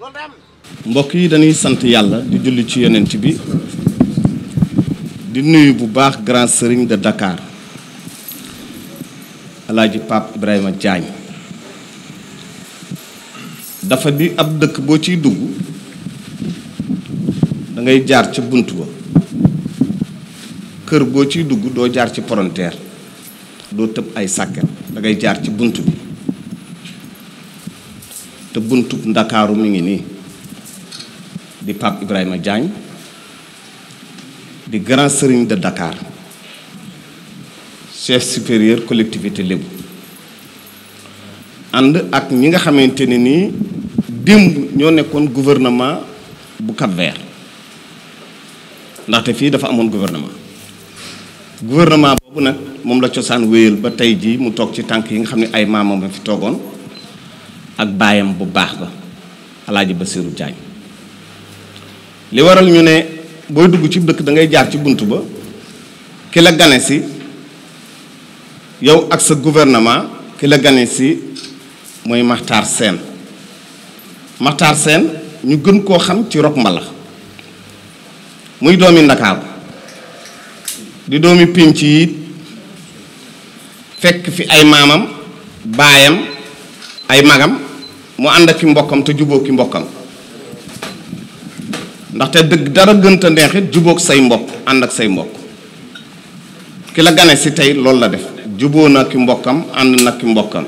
la mbokk yi dañuy sant yàlla di julli ci yonent bi di nuyu bu baax grand sëriñ de dakaar alaaji Pape Ibrahima Diagne dafa di ab dëkk boo ciy dugg dangay jaar ca bunt ba kër boo ciy dugg doo jaar ci palanteer doo tëb ay sàkket da ngay jaar ci bunt bi te buntu ndakaaru mi ngi nii di Pape Ibrahima Diagne di grand sëriñ de Dakar chef supérieur collectivité lébu ànd ak ñi nga xamante ne nii démb ñoo nekkoon gouvernement bu Cap-Vert ndaxte fii dafa amoon gouvernement gouvernement boobu nag moom la cosaan wéyal ba tey jii mu toog ci tànk yi nga xam ne ay maamam fi toogoon ak baayam bu baax ba alaaji Basiru Jaañ li waral ñu ne booy dugg ci dëkk da ngay jaar ci bunt ba ki la gane si yow ak sa gouvernement ki la gane si mooy Maxtaar Seen Maxtaar Seen ñu gën koo xam ci rok mbalax muy doomi Ndakaaru di doomi pénc yi fekk fi ay maamam baayam ay magam mu ànd ak ki mbokkam te jubóog ki mbokkam ndaxte dëgg dara gënta neexit jubóog say mbokk ànd ak say mbokk ki la gane si tey loolu la def juboo na ki mbokkam ànd na ki mbokkam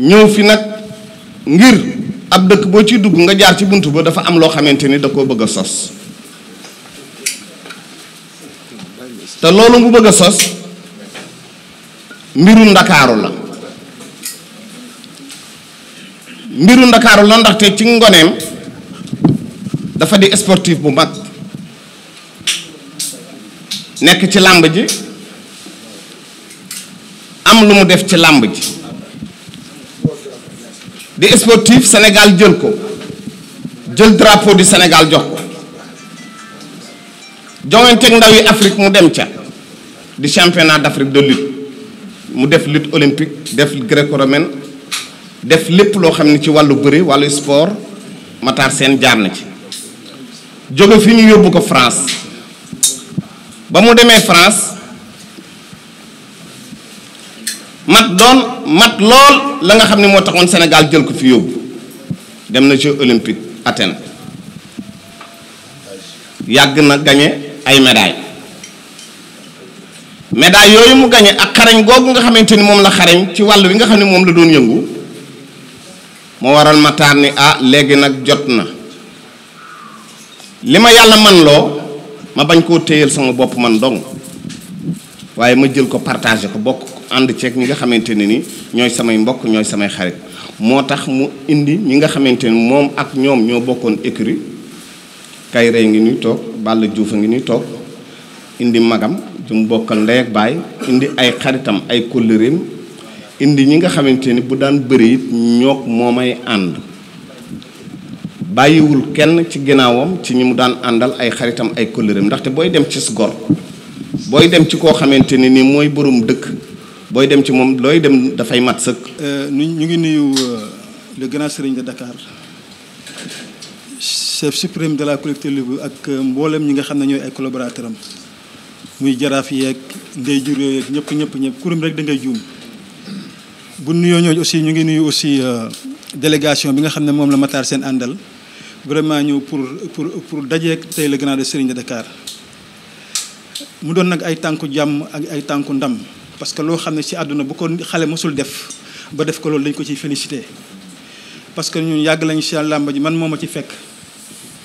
ñëw fi nag ngir ab dëkk boo ciy dugg nga jaar ci bunt ba dafa am loo xamante ni da koo bëgg a sos te loolu mu bëgg sos mbiru ndakaaru la mbiru ndakaaru la ndaxte ci ngoneem dafa di sportif bu mag nekk ci làmb ji am lu mu def ci làmb ji di sportif senegal jël ko jël drapeau du Sénégal jox ko joŋanteeg ndaw yi Afrique mu dem ca di championnat d'Afrique de lutte mu def lutte olympique def gréco-romaine def lépp loo xam ne ci wàllu bëri wàllu sport Matar seen jaar na ci jóge fi ñu yóbbu ko France ba mu demee France mat doon mat lool la nga xam ne moo taxoon senegal jël ko fi yóbbu dem na Jeux olympiques Athènes yàgg na gagné ay médailles médaille yooyu mu gañe ak xarañ googu nga xamante ni moom la xarañ ci wàll wi nga xam ne moom la doon yëngu moo waral ma taar ni ah léegi nag jot na li ma yàlla man loo ma bañ koo téyel sama bopp man dong waaye ma jël ko partagé ko bokk ànd ceeg ñi nga xamante ne ni ñooy samay mbokk ñooy samay xarit moo tax mu indi ñi nga xamante ni moom ak ñoom ñoo bokkoon écurie kay rey ngi ñuy toog Balla Juuf a ngi ñuy toog indi magam du mu bokkal ndey ak baay indi ay xaritam ay kóllëreem indi ñi nga xamante ni bu daan bëri it ñoog moo may ànd bàyyiwul kenn ci ginnaawam ci ñi mu daan àndal ay xaritam ay kóllëreem ndaxte booy dem ci gor booy dem ci koo xamante ni nii mooy borom dëkk booy dem ci moom looy dem dafay mat sëkk. nu euh, ñu ngi nuyu euh, le grand sëriñ la dakaar chef suprême de la collectivité ak euh, mboolem ñi nga xam ne ñooy ay collaborateurs am. muy jaraaf yeeg ndey jur yeeg ñëpp ñëpp ñëpp kurum rek da ngay juum bu nuyoo ñooñu aussi ñu ngi nuyu aussi euh, délégation bi nga xam ne moom la Matar seen àndal vraiment ñëw pour pour pour dajeeg tey la Serigne de Dakar mu doon nag ay tànku jàmm ak ay tànku ndam parce que loo xam ne ci àdduna bu ko xale mosul def ba def ko loolu dañ ko ciy félicité parce que ñun yàgg lañu ci làmb ji man moom a ci fekk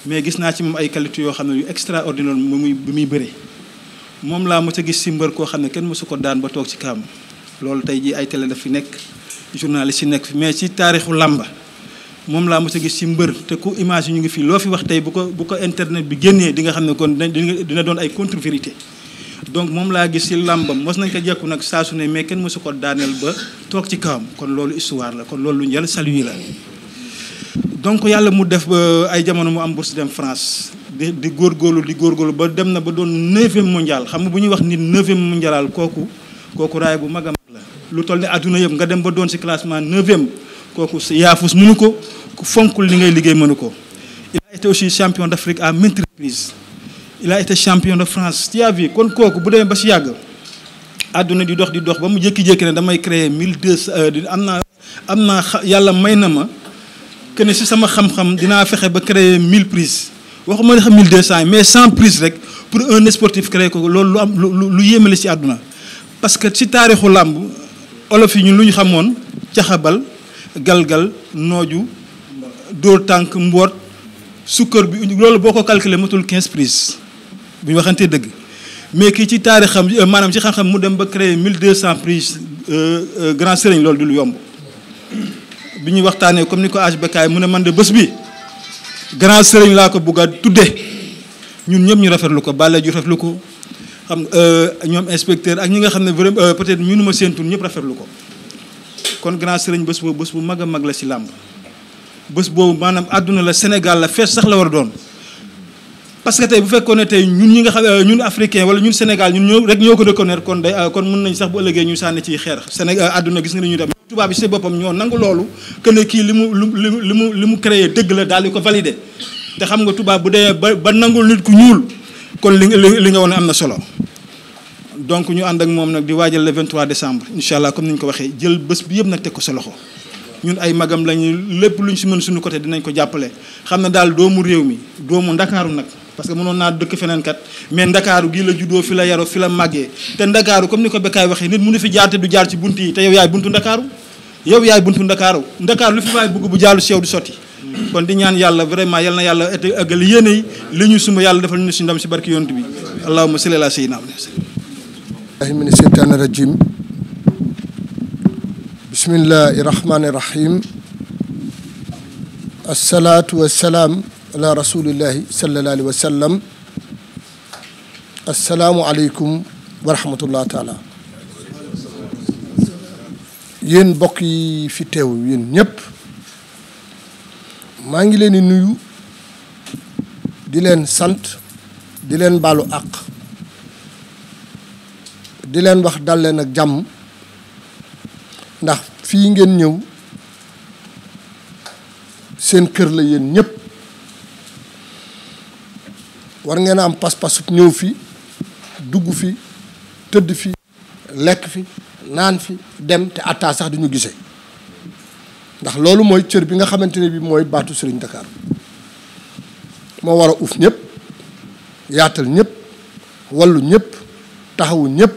mais gis naa ci moom ay qualité yoo xam ne yu extraordinaire mu muy muy bëri moom laa mos a gis si mbër koo xam ne kenn mosu ko daan ba toog ci kaam loolu tey jii ay télé daf fi nekk journaliste yi nekk mais ci taarixu làmba moom laa mos a gis si mbër te ku ñu ngi fi loo fi wax tey bu ko bu ko internet bi génnee di nga xam ne kon dina doon ay contre vérité moom laa gis si làmbam mos nañ ko jekku nag saa ne mais kenn mosu ko daaneel ba toog ci kawam kon loolu histoire la kon loolu lu ñu yàlla saluer la donc yàlla mu def ba ay jamono mu am bourse dem France di di góorgóorlu di góorgóorlu ba dem na ba doon neuvième mondial xam nga bu ñuy wax nit neuvième mondial kooku kooku raay bu mag a la. lu toll ne àdduna yëpp nga dem ba doon si classement neuvième kooku yaafus mënu ko ku fonkul li ngay liggéey mënu ko. il a été aussi champion d' Afrique à maintes reprises de France tu as vu kon kooku bu demee ba si yàgg àdduna di dox di dox ba mu jékki-jékki ne damay créer mille deux cent euh, am naa am naa yàlla may na ma que si sama xam-xam dinaa fexe ba créer mille prises. waxuma ne xam 1200 mais 100 prises rek pour un sportif créé ko loolu lu am lu lu yéemale ci àdduna parce que ci taarixu làmb olof yi ñu lu ñu xamoon caxabal galgal nooju dóor tànk mboot sukkër bi loolu boo ko calculé matul quinze prises bu ñu waxantee dëgg mais kii ci taarixam euh, maanaam ci xam-xam mu dem ba créé 1200 prises euh, euh, grand sëriñ loolu du lu yomb bi ñuy waxtaanee comme ni ko âge bakaay mu ne man de bés bi grand sëriñ laa ko bugg a tudde ñun ñëpp ñu rafetlu ko Balla ju rafetlu ko xam euh, ñoom inspecteur ak ñi nga xam ne vraiment euh, peut-être mënu ma seen tur ñëpp rafetlu ko kon grand sëriñ bés boobu bés bu mag a mag la si làmb bës boobu maanaam àdduna la Sénégal la fees sax la war a doon parce que tey bu fekkoon ne tey ñun ñi nga xam euh, ñun africain wala ñun Sénégal ñun ñoo rek ñoo ko reconnaître kon day euh, kon mun nañ sax bu ëllëgee ñu sànni ci xeer Sénégal euh, àdduna gis nga ni ñu dem tubaab bi si boppam ñoo nangu loolu que ne kii li mu li mu li mu li mu créé dëgg la daal di ko validé te xam nga tubaab bu dee ba ba nangul nit ku ñuul kon li li nga woon am na solo donc ñu ànd ak moom nag di waajal le 23 décembre incha allah comme ni ñu ko waxee jël bés bi yëpp nag teg ko sa loxo ñun ay magam lañu lépp luñ si mën suñu côté dinañ ko jàppale xam ne daal doomu réew mi doomu ndakaaru nag parce que mënoon naa dëkk feneen kat mais ndakaaru gii la juddoo fi la yaroo fi la màggee te ndakaaru comme ni ko Bécaye waxee nit mënu fi jaar te du jaar ci bunt yi te yow yaay buntu ndakaaru yow yaay buntu ndakaaru ndakaaru lu fi waay bëgg bu jaalu sew du sotti kon di ñaan yàlla vraiment yal yàlla ëggal yéene yi li ñu sumb yàlla defal ñu si ndam si barki yonent bi allahumma salli ala sayyidina Muhammad min seytaani rajim bismillahi rahmaani ala rasulillahi sallallahu alayhi wa sallam asalaamualeykum wa yéen mbokk yi fi teew yéen ñëpp maa ngi leen di nuyu di leen sant di leen baalu àq di leen wax dal leen ak jàmm ndax fii ngeen ñëw seen kër la yéen ñëpp war ngeen a am pas-pasu ñëw fi dugg fi tëdd fi lekk fi naan fi dem te atta sax duñu gisee ndax loolu mooy cër bi nga xamante ne bi mooy baatu Sëriñ Dakar moo war a uuf ñëpp yaatal ñëpp wallu ñëpp taxawu ñëpp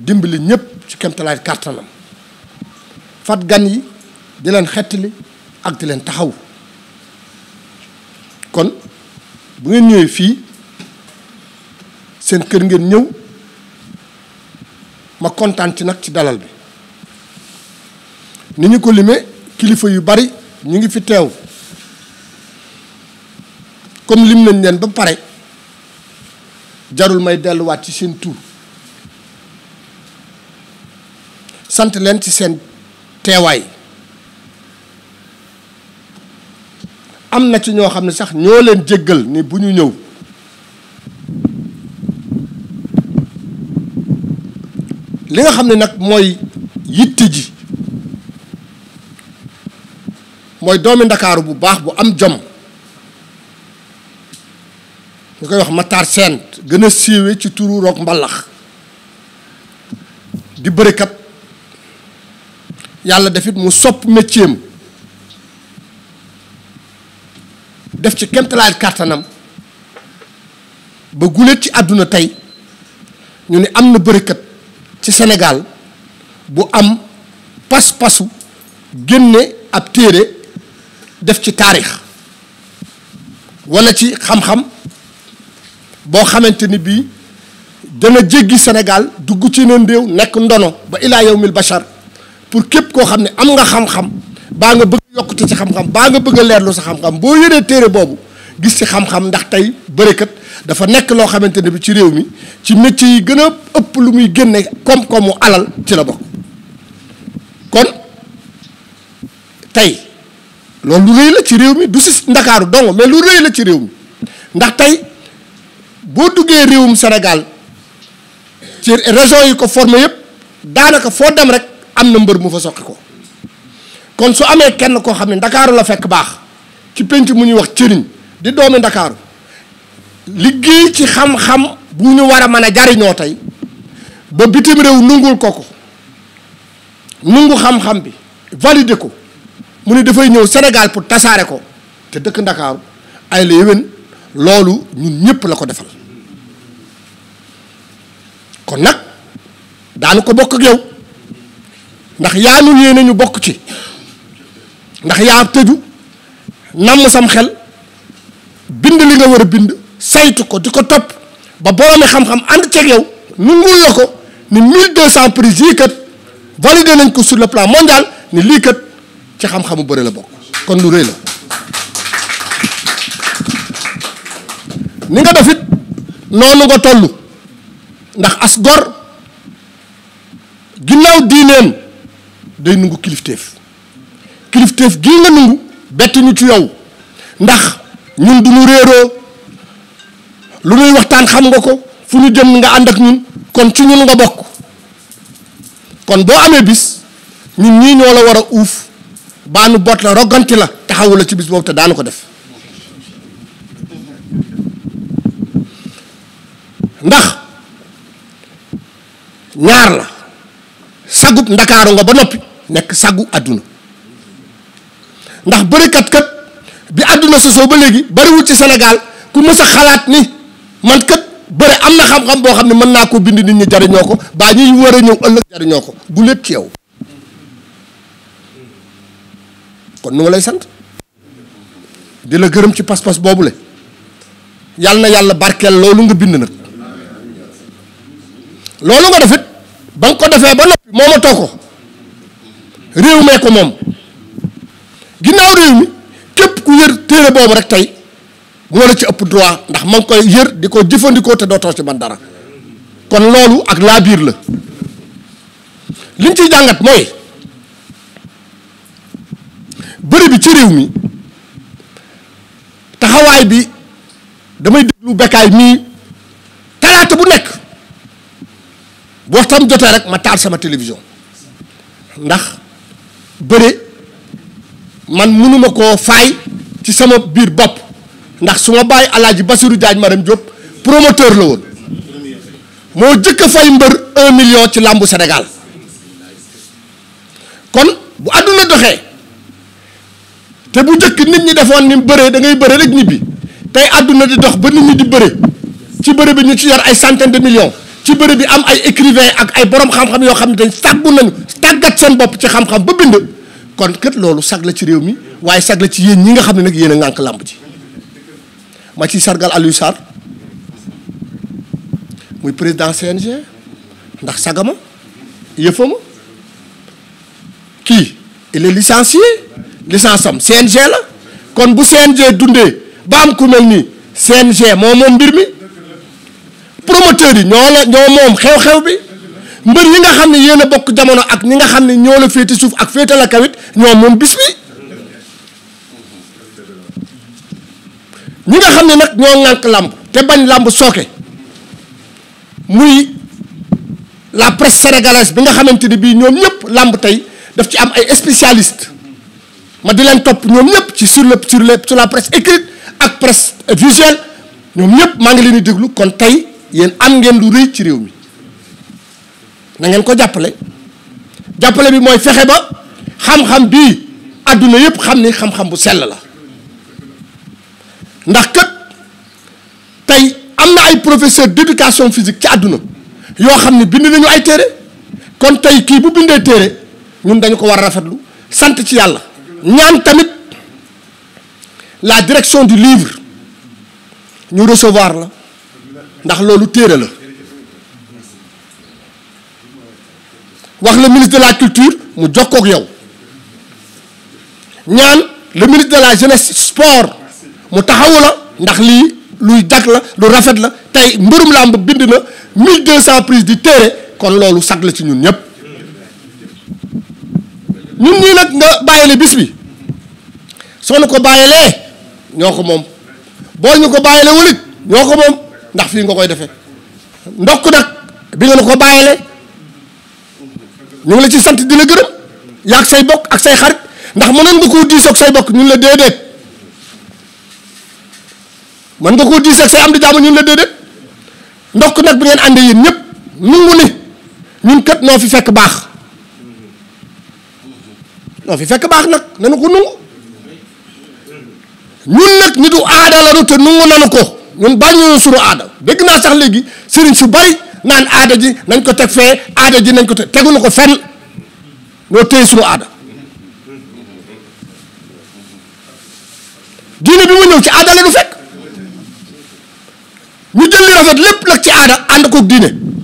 dimbali ñépp ci kemtalaay kàttanam fat gan yi di leen xettali ak di leen taxaw kon bu ngeen ñëwee fii seen kër ngeen ñëw ma kontaan ci nag ci dalal bi ni ñu ko limee kilifa yu bari ñu ngi fi teew comme lim nañ leen ba pare jarul may delluwaat ci seen tur sant leen ci seen teewaay am na ci ñoo xam ne sax ñoo leen jéggal ni bu ñu ñëw li nga xam ne nag mooy yitte ji mooy doomi ndakaaru bu baax bu am jom ñu koy wax Matar Sène gën a siiwe ci turu Rock Mbalax di bërekat yàlla defit mu sopp métier def ci kemtalaay kàttanam ba guléet ci àdduna tey ñu ne am na bërekat ci senegal bu am pas-pasu génne ab téere def ci taarix walla ci xam-xam boo xamante ni bii dana jéggi senegal dugg ci neen réew nekk ndono ba ilaa yawmil bachar pour képp koo xam ne am nga xam-xam baa nga bëgg yokkute ci xam-xam baa nga bëgg leerlu sa xam-xam boo yëree téere boobu gis ci xam-xam ndax tey bërekat dafa nekk loo xamante ne bi ci réew mi ci métier yi gën a ëpp lu muy génne koom-koomu alal ci la bokk kon tey loolu lu rëy la ci réew mi du si ndakaaru dong mais lu rëy la ci réew ndax tey boo duggee réewum senegal ci région yi ko formé yëpp daanaka foo dem rek am na mbër mu fa soqi ko kon su amee kenn koo xam ne ndakaaru la fekk baax ci penc mu ñuy wax cëriñ di doomi ndakaaru liggéey ci xam-xam bu ñu war a mën a jariñoo tey ba bitim réew nungul ko ko nungu xam-xam bi valider ko mu ni dafay ñëw senegal pour tasaare ko te dëkk ndakaaru ay la yéwén loolu ñun ñëpp la ko defal kon nag daanu ko bokk ak yow ndax yaa ñu yéene ñu bokk ci ndax yaa tëju namm sam xel bind li nga war a bind saytu ko di ko topp ba boroomi xam-xam ànd ceeg yow nungul la ko ni 1200 prises yii kat validé nañ ko sur le plan mondial ni lii kat ci xam-xamu bari la bokk kon lu rëy la ni nga def it noonu nga toll ndax as gor ginnaaw diineem day nungu kilifteef kilifteef gii nga nungu bett ñu ci yow ndax ñun du ñu réeroo lu ñuy waxtaan xam nga ko fu ñu jëm nga ànd ak ñun kon ci ñun nga bokk kon boo amee bis ñun ñii ñoo la war a uuf baa nu boot la roganti la taxawu la ci bis boobu te daanu ko def ndax ñaar la sagub ndakaaru nga ba noppi nekk sagu àdduna ndax bërikat kat bi àdduna sosoo ba léegi bariwul ci Sénégal ku mës a xalaat ni man kat bëre am na xam-xam boo xam ne mën naa ko bind nit ñi jariñoo ko baa ñuy war a ñëw ëllëg jariñoo ko gu ci yaw kon nu nga lay sant di la gërëm ci pas-pas boobule yàlla na yàlla barkeel loolu nga bind nag loolu nga defit ba nga ko defee ba noppi moomatoo ko réew mee ko moom ginnaaw réew mi képp ku yër téere boobu rek tey moo la ci ëpp droit ndax ma koy yër di ko jëfandikoo te dootoo ci man dara kon loolu ak laa biir la liñ ciy jàngat mooy bëri bi ci réew mi taxawaay bi damay déglu bekkaay mii talaata bu nekk bu waxtaan jotee rek ma taal sama télévision ndax bëri man munuma koo fay ci sama biir bopp ndax su ma bàyyi alaaji Basiru Diagne Maram Diop promoteur la woon moo jëkk a fay mbër un million ci làmbu senegal kon bu àdduna doxee te bu jëkk nit ñi defoon ni bëree da ngay bëre rek ñibbi tey àdduna di dox ba nit ñi di bëre ci bëre bi ñu ci yor ay centaine de millions ci bëre bi am ay écrivain ak ay boroom xam-xam yoo xam ne dañ tàggu nañu tàggat seen bopp ci xam-xam ba bind kon kët loolu sag la ci réew mi waaye sag la ci yéen ñi nga xam ne nag yéen a ŋànk làmb ji ma ci sargal Aliou muy président CNG ndax sagama yëfama kii il est licencié licence am CNG la kon bu CNG dundee ba am ku mel nii CNG moo moom mbir mi promoteur yi ñoo la ñoo moom xew-xew bi mbër yi nga xam ne yéen a bokk jamono ak ñi nga xam ne ñoo la féete suuf ak féete la kawit ñoom moom bis bi ñi nga xam ne nag ñoo ŋànk làmb te làmb sooke muy la presse sénégalaise bi nga xamante ni bii ñoom ñëpp làmb tey daf ci am ay spécialiste ma di leen topp ñoom ñëpp ci sur le sur le sur la presse écrite ak presse visuelle ñoom ñëpp maa ngi leen di déglu kon tey yéen am ngeen lu rëy ci réew mi na ngeen ko jàppale jàppale bi mooy fexe ba xam-xam bii àdduna yépp xam ni xam-xam bu sell la ndax kat tey am na ay professeur d'éducation physique ci àdduna yoo xam ne bind nañu ay téere kon tey kii bu bindee téere ñun dañu ko war a rafetlu sant ci yàlla ñaan tamit la direction du livre ñu recevoir la ndax loolu téere la wax le ministre de la culture mu jokkoo ak yow ñaan le ministre de la jeunesse sport mu taxawu la ndax lii luy jag la lu rafet la tey mbërum làmb bind na 1200 prises di téere kon loolu sag la ci ñun ñëpp ñun ñii nag nga bàyyile bis bi soo ñu ko bàyyilee ñoo ko moom boo ñu ko bàyyilee wulit ñoo ko moom ndax fii nga koy defee ndokk nag bi nga ñu ko bàyyilee. ñu la ci sant dina la gërëm yaag say bokk ak say xarit ndax mënoon nga koo diisoog say bokk ñun la déedéet mën nga koo diisoog say am di jaamu ñun la déedéet ndokk nag bi ngeen àndee yéen ñëpp nangu ni ñun kat noo fi fekk baax noo fi fekk baax nag nanu ko nungu ñun nag nitu aada la nu te nungu nanu ko ñun su sunu aada dégg naa sax léegi sëriñ su bari naan aada ji nañ ko teg fee aada ji nañ ko teg teguñu ko fenn ñoo téye suñu aada diine bi mu ñëw ci aada la du fekk ñu jël rafet lépp nag ci aada ànd koog diine